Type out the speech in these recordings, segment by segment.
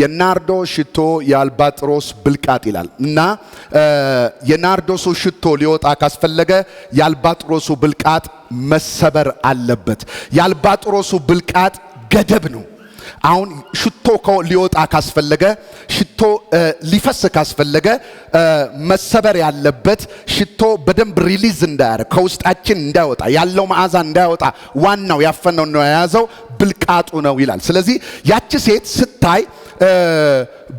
የናርዶ ሽቶ የአልባጥሮስ ብልቃጥ ይላል እና የናርዶሱ ሽቶ ሊወጣ ካስፈለገ የአልባጥሮሱ ብልቃጥ መሰበር አለበት። የአልባጥሮሱ ብልቃጥ ገደብ ነው። አሁን ሽቶ ሊወጣ ካስፈለገ ሽቶ ሊፈስ ካስፈለገ መሰበር ያለበት ሽቶ በደንብ ሪሊዝ እንዳያደርግ ከውስጣችን እንዳይወጣ ያለው መዓዛ እንዳይወጣ ዋናው ያፈነው ነው የያዘው ብልቃጡ ነው ይላል። ስለዚህ ያቺ ሴት ስታይ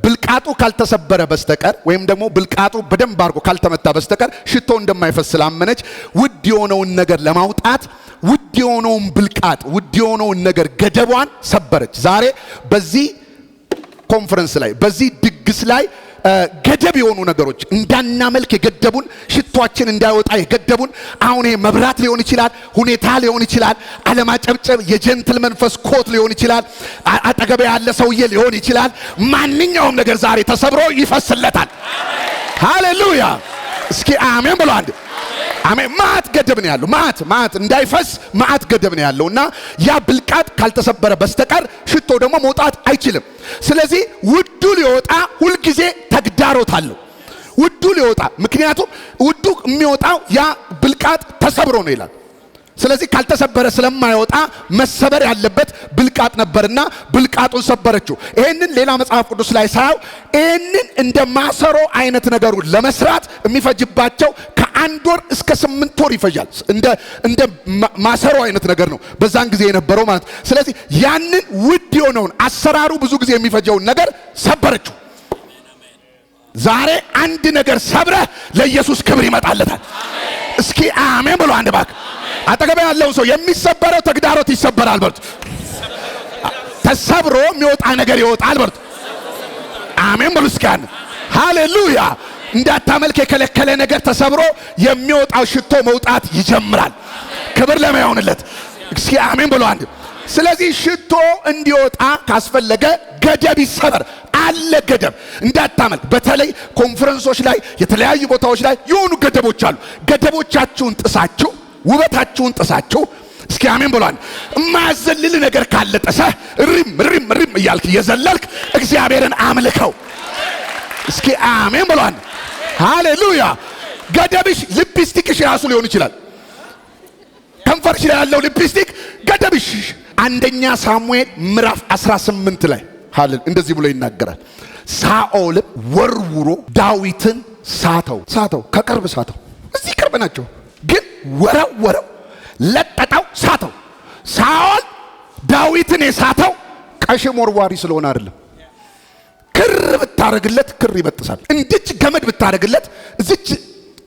ብልቃጡ ካልተሰበረ በስተቀር ወይም ደግሞ ብልቃጡ በደንብ አድርጎ ካልተመታ በስተቀር ሽቶ እንደማይፈስ ስላመነች ውድ የሆነውን ነገር ለማውጣት ውድ የሆነውን ብልቃጥ ውድ የሆነውን ነገር ገደቧን ሰበረች። ዛሬ በዚህ ኮንፈረንስ ላይ በዚህ ድግስ ላይ ገደብ የሆኑ ነገሮች እንዳናመልክ የገደቡን፣ ሽቷችን እንዳይወጣ የገደቡን። አሁን መብራት ሊሆን ይችላል፣ ሁኔታ ሊሆን ይችላል፣ አለማጨብጨብ፣ የጀንትል መንፈስ ኮት ሊሆን ይችላል፣ አጠገበ ያለ ሰውዬ ሊሆን ይችላል። ማንኛውም ነገር ዛሬ ተሰብሮ ይፈስለታል። ሃሌሉያ! እስኪ አሜን ብሎ አንድ አሜን። ማት ገደብ ነው ያለው። ማት እንዳይፈስ ማት ገደብ ነው ያለው እና ያ ብልቃጥ ካልተሰበረ በስተቀር ሽቶ ደግሞ መውጣት አይችልም። ስለዚህ ውዱ ሊወጣ ሁልጊዜ ተግዳሮት አለው። ውዱ ሊወጣ ምክንያቱም ውዱ የሚወጣው ያ ብልቃጥ ተሰብሮ ነው ይላል። ስለዚህ ካልተሰበረ ስለማይወጣ መሰበር ያለበት ብልቃጥ ነበርና ብልቃጡን ሰበረችው። ይህንን ሌላ መጽሐፍ ቅዱስ ላይ ሳየው ይህንን እንደ ማሰሮ አይነት ነገሩን ለመስራት የሚፈጅባቸው ከአንድ ወር እስከ ስምንት ወር ይፈጃል። እንደ ማሰሮ አይነት ነገር ነው በዛን ጊዜ የነበረው ማለት። ስለዚህ ያንን ውድ የሆነውን አሰራሩ ብዙ ጊዜ የሚፈጀውን ነገር ሰበረችው። ዛሬ አንድ ነገር ሰብረህ ለኢየሱስ ክብር ይመጣለታል። እስኪ አሜን ብሎ አንድ ባክ አጠገብ ያለውን ሰው የሚሰበረው ተግዳሮት ይሰበራል በሉት። ተሰብሮ የሚወጣ ነገር ይወጣል በሉት። አሜን ብሉ እስኪ አንድ ሃሌሉያ። እንዳታመልክ የከለከለ ነገር ተሰብሮ የሚወጣው ሽቶ መውጣት ይጀምራል። ክብር ለማይሆንለት እስኪ አሜን ብሎ አንድ ስለዚህ ሽቶ እንዲወጣ ካስፈለገ ገደብ ይሰበር፣ አለ ገደብ እንዳታመልክ። በተለይ ኮንፈረንሶች ላይ የተለያዩ ቦታዎች ላይ የሆኑ ገደቦች አሉ። ገደቦቻችሁን ጥሳችሁ ውበታችሁን ጥሳችሁ እስኪ አሜን ብሏል። እማያዘልል ነገር ካለ ጥሰ ሪም ሪም ሪም እያልክ እየዘለልክ እግዚአብሔርን አምልከው። እስኪ አሜን ብሏል። ሃሌሉያ። ገደብሽ ሊፕስቲክሽ ራሱ ሊሆን ይችላል። ከንፈርሽ ላይ ያለው ሊፕስቲክ ገደብሽ። አንደኛ ሳሙኤል ምዕራፍ 18 ላይ ሃሌሉያ። እንደዚህ ብሎ ይናገራል። ሳኦልም ወርውሮ ዳዊትን ሳተው፣ ሳተው፣ ከቅርብ ሳተው። እዚህ ቅርብ ናቸው፣ ግን ወረወረው፣ ለጠጠው፣ ሳተው። ሳኦል ዳዊትን የሳተው ቀሽም ወርዋሪ ስለሆነ አይደለም። ክር ብታደረግለት ክር ይበጥሳል። እንድች ገመድ ብታደረግለት እዚች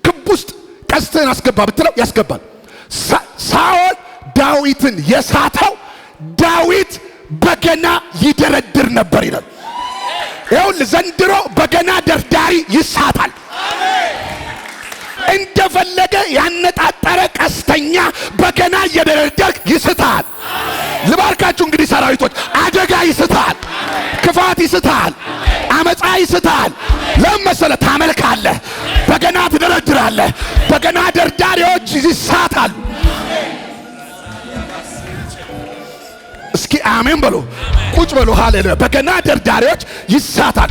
ክብ ውስጥ ቀስትህን አስገባ ብትለው ያስገባል። ሳኦል ዳዊትን የሳተው ዳዊት በገና ይደረድር ነበር ይላል። ይሁን ዘንድሮ በገና ደርዳሪ ይሳታል። እንደፈለገ ያነጣጠረ ቀስተኛ በገና እየደረደርክ ይስታል። ልባርካችሁ እንግዲህ ሰራዊቶች፣ አደጋ ይስታል፣ ክፋት ይስታል፣ አመፃ ይስታል። ለምን መሰለ ታመልካለህ፣ በገና ትደረድራለህ፣ በገና ደርዳሪዎች ይሳታሉ። እስኪ አሜን በሉ፣ ቁጭ በሉ። ሃሌሉያ። በገና ደርዳሪዎች ይሳታል።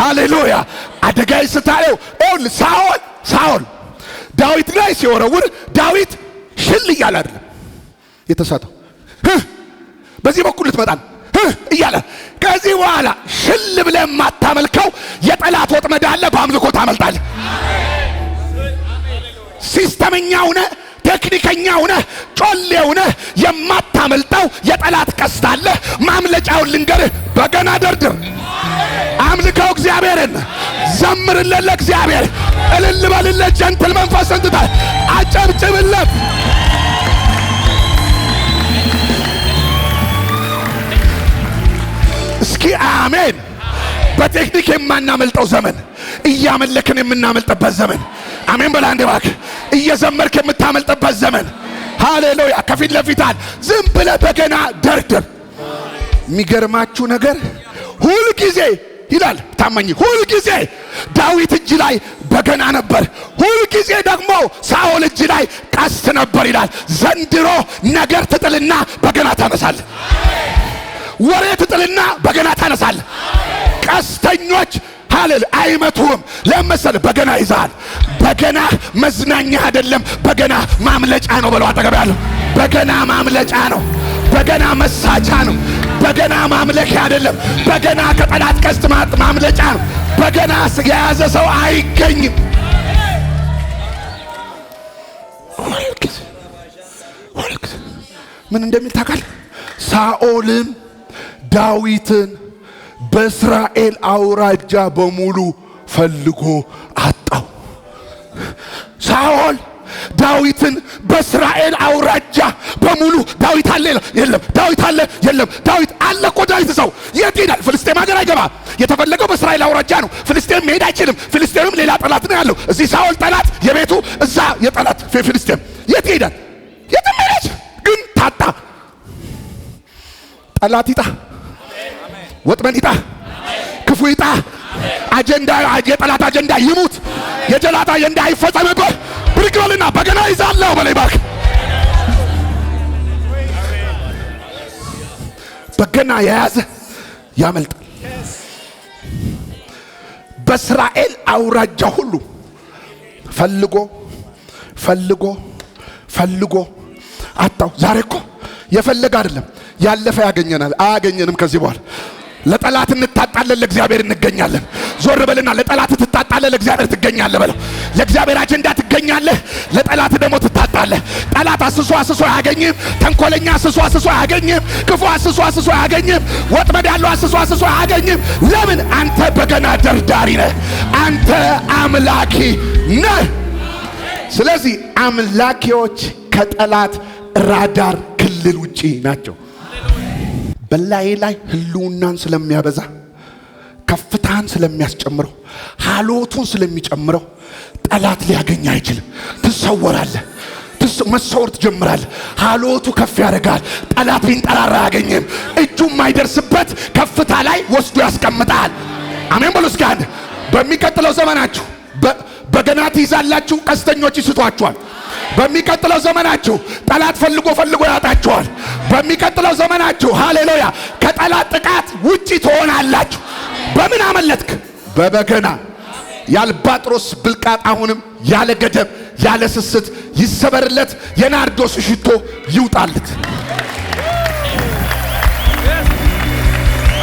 ሃሌሉያ። አደጋ ስታየው ኦል ሳኦል ሳኦል ዳዊት ላይ ሲወረውር ዳዊት ሽል እያለ አይደለም የተሳተው። በዚህ በኩል ልትመጣል እያለ ከዚህ በኋላ ሽል ብለ የማታመልከው የጠላት ወጥመድ አለ። በአምልኮ ታመልጣለህ። ሲስተመኛ ሁነህ ቴክኒከኛ ሆነ ጮሌ ሆነ የማታመልጠው የጠላት ቀስት አለ። ማምለጫውን ልንገርህ፣ በገና ደርድር፣ አምልከው፣ እግዚአብሔርን ዘምርለት፣ ለእግዚአብሔር እልል በልለት፣ ጀንትል መንፈስ ሰንትታል፣ አጨብጭብለት። እስኪ አሜን። በቴክኒክ የማናመልጠው ዘመን እያመለክን የምናመልጥበት ዘመን አሜን በላ አንዴ እባክህ። እየዘመርክ የምታመልጥበት ዘመን ሃሌሉያ። ከፊት ለፊታል ዝም ብለህ በገና ደርድር። የሚገርማችሁ ነገር ሁልጊዜ ይላል ታመኝ። ሁልጊዜ ዳዊት እጅ ላይ በገና ነበር፣ ሁልጊዜ ደግሞ ሳኦል እጅ ላይ ቀስት ነበር ይላል። ዘንድሮ ነገር ትጥልና በገና ታነሳለህ። ወሬ ትጥልና በገና ታነሳል። ቀስተኞች ሀልል አይመቱም። ለመሰል በገና ይዛል። በገና መዝናኛ አይደለም፣ በገና ማምለጫ ነው ብለው አጠገብ ያለው በገና ማምለጫ ነው። በገና መሳቻ ነው። በገና ማምለኪያ አይደለም። በገና ከጠላት ቀስት ማምለጫ ነው። በገና የያዘ ሰው አይገኝም። ምን እንደሚል ታውቃል? ሳኦልም ዳዊትን በእስራኤል አውራጃ በሙሉ ፈልጎ አጣው። ሳኦል ዳዊትን በእስራኤል አውራጃ በሙሉ ዳዊት አለ የለም፣ ዳዊት አለ የለም፣ ዳዊት አለ እኮ ዳዊት ሰው የት ይሄዳል? ፍልስጤም ሀገር አይገባ። የተፈለገው በእስራኤል አውራጃ ነው። ፍልስጤም መሄድ አይችልም። ፍልስጤምም ሌላ ጠላት ነው ያለው። እዚህ ሳኦል ጠላት የቤቱ እዛ የጠላት ፍልስጤም የት ይሄዳል? የትም ሄደች ግን ታጣ ጠላት ይጣ ወጥመድ ይጣ፣ ክፉ ይጣ፣ አጀንዳ የጠላት አጀንዳ ይሙት፣ የጀላት አጀንዳ አይፈጸም። እኮ ብድግ በልና በገና ይዛለሁ በላይ ባክ በገና የያዘ ያመልጣል። በእስራኤል አውራጃ ሁሉ ፈልጎ ፈልጎ ፈልጎ አጣው። ዛሬ እኮ የፈለገ አይደለም ያለፈ ያገኘናል። አያገኘንም ከዚህ በኋላ ለጠላት እንታጣለን፣ ለእግዚአብሔር እንገኛለን። ዞር በልና ለጠላት ትታጣለህ፣ ለእግዚአብሔር ትገኛለህ በለው። ለእግዚአብሔር አጀንዳ ትገኛለህ፣ ለጠላት ደግሞ ትታጣለህ። ጠላት አስሶ አስሶ አያገኝም። ተንኮለኛ አስሶ አስሶ አያገኝም። ክፉ አስሶ አስሶ አያገኝም። ወጥመድ ያለው አስሶ አስሶ አያገኝም። ለምን? አንተ በገና ደርዳሪ ነህ። አንተ አምላኪ ነህ። ስለዚህ አምላኪዎች ከጠላት ራዳር ክልል ውጪ ናቸው። በላዬ ላይ ህልውናን ስለሚያበዛ ከፍታን ስለሚያስጨምረው ሀሎቱን ስለሚጨምረው ጠላት ሊያገኝ አይችልም። ትሰወራለህ። መሰወር ትጀምራለህ። ሀሎቱ ከፍ ያደርጋል። ጠላት ቢንጠራራ አያገኝም። እጁ የማይደርስበት ከፍታ ላይ ወስዶ ያስቀምጣል። አሜን በሉ እስኪ አንድ። በሚቀጥለው ዘመናችሁ በገና ትይዛላችሁ፣ ቀስተኞች ይስቷችኋል። በሚቀጥለው ዘመናችሁ ጠላት ፈልጎ ፈልጎ ያጣችኋል። በሚቀጥለው ዘመናችሁ ሃሌሉያ፣ ከጠላት ጥቃት ውጪ ትሆናላችሁ። በምን አመለጥክ? በበገና የአልባጥሮስ ብልቃጥ አሁንም ያለ ገደብ ያለ ስስት ይሰበርለት፣ የናርዶስ ሽቶ ይውጣለት።